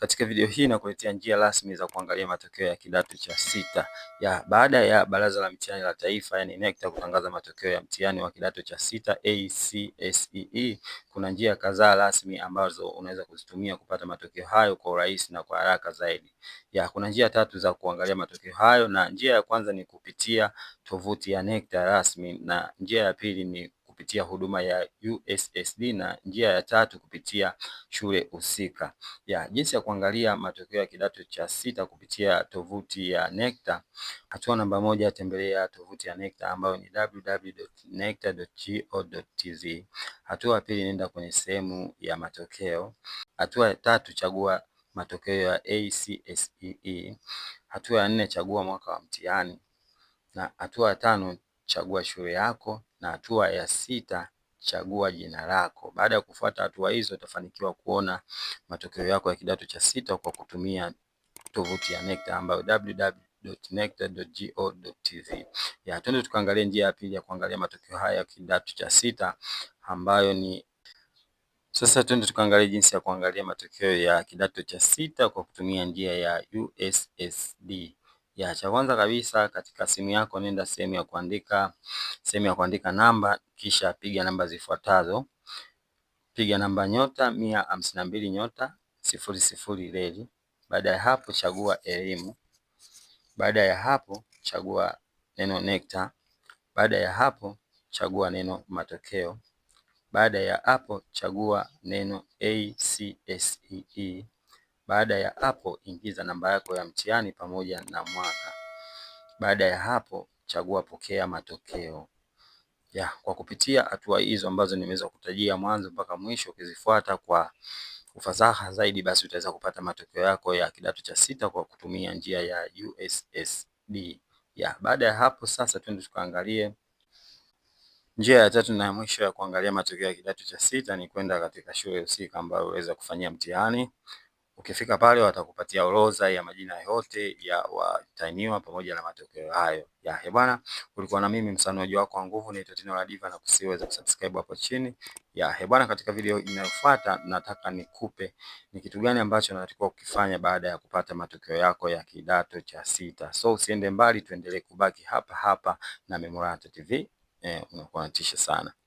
Katika video hii nakuletea njia rasmi za kuangalia matokeo ya kidato cha sita ya baada ya Baraza la Mitihani la Taifa yani NECTA kutangaza matokeo ya mtihani wa kidato cha sita ACSEE. E. Kuna njia kadhaa rasmi ambazo unaweza kuzitumia kupata matokeo hayo kwa urahisi na kwa haraka zaidi. Ya, kuna njia tatu za kuangalia matokeo hayo, na njia ya kwanza ni kupitia tovuti ya NECTA rasmi, na njia ya pili ni kupitia huduma ya USSD na njia ya tatu kupitia shule husika. Ya jinsi ya kuangalia matokeo ya kidato cha sita kupitia tovuti ya NECTA. Hatua namba moja, tembelea tovuti ya NECTA ambayo ni www.necta.go.tz. Hatua ya pili, nenda kwenye sehemu ya matokeo. Hatua ya tatu, chagua matokeo ya ACSEE. E. Hatua ya nne, chagua mwaka wa mtihani na hatua ya tano chagua shule yako na hatua ya sita, chagua jina lako. Baada ya kufuata hatua hizo utafanikiwa kuona matokeo yako ya kidato cha sita kwa kutumia tovuti ya NECTA ambayo www.necta.go.tz. Ya, twende tukaangalie njia ya pili ya kuangalia matokeo haya ya kidato cha sita ambayo ni sasa tuende tukaangalia jinsi ya kuangalia matokeo ya kidato cha sita kwa kutumia njia ya USSD. Ya cha kwanza kabisa katika simu yako nenda sehemu ya kuandika sehemu ya kuandika namba kisha piga namba zifuatazo. Piga namba nyota mia hamsini na mbili nyota sifuri sifuri reli. Baada ya hapo chagua elimu. Baada ya hapo chagua neno NECTA. Baada ya hapo chagua neno matokeo. Baada ya hapo chagua neno ACSEE. E. Baada ya hapo, ingiza namba yako ya mtihani pamoja na mwaka. Baada ya hapo, chagua pokea matokeo. Ya, kwa kupitia hatua hizo ambazo nimeweza kutajia mwanzo mpaka mwisho, ukizifuata kwa ufasaha zaidi, basi utaweza kupata matokeo yako ya kidato cha sita kwa kutumia njia ya USSD. Ya, baada ya hapo sasa twende tukaangalie njia ya tatu na ya mwisho ya kuangalia matokeo ya kidato cha sita ni kwenda katika shule husika ambayo uweza kufanyia mtihani. Ukifika pale watakupatia orodha ya majina yote ya watahiniwa pamoja na matokeo hayo. Ya bwana, ulikuwa na mimi msanuaji wako wa nguvu, naitwa Tino Ladiva, na kusiweza kusubscribe hapo chini. Ya bwana, katika video inayofuata nataka nikupe ni kitu gani ambacho natakiwa kukifanya baada ya kupata matokeo yako ya kidato cha sita. So usiende mbali, tuendelee kubaki hapa hapa na Memorata TV. Eh, unakuwa natisha sana.